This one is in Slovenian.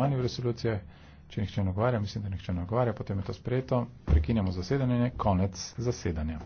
imenovani v resolucije. Če nihče ne ogovarja, mislim, da nihče ne ogovarja, potem je to sprejeto. Prekinjamo zasedanje, konec zasedanja.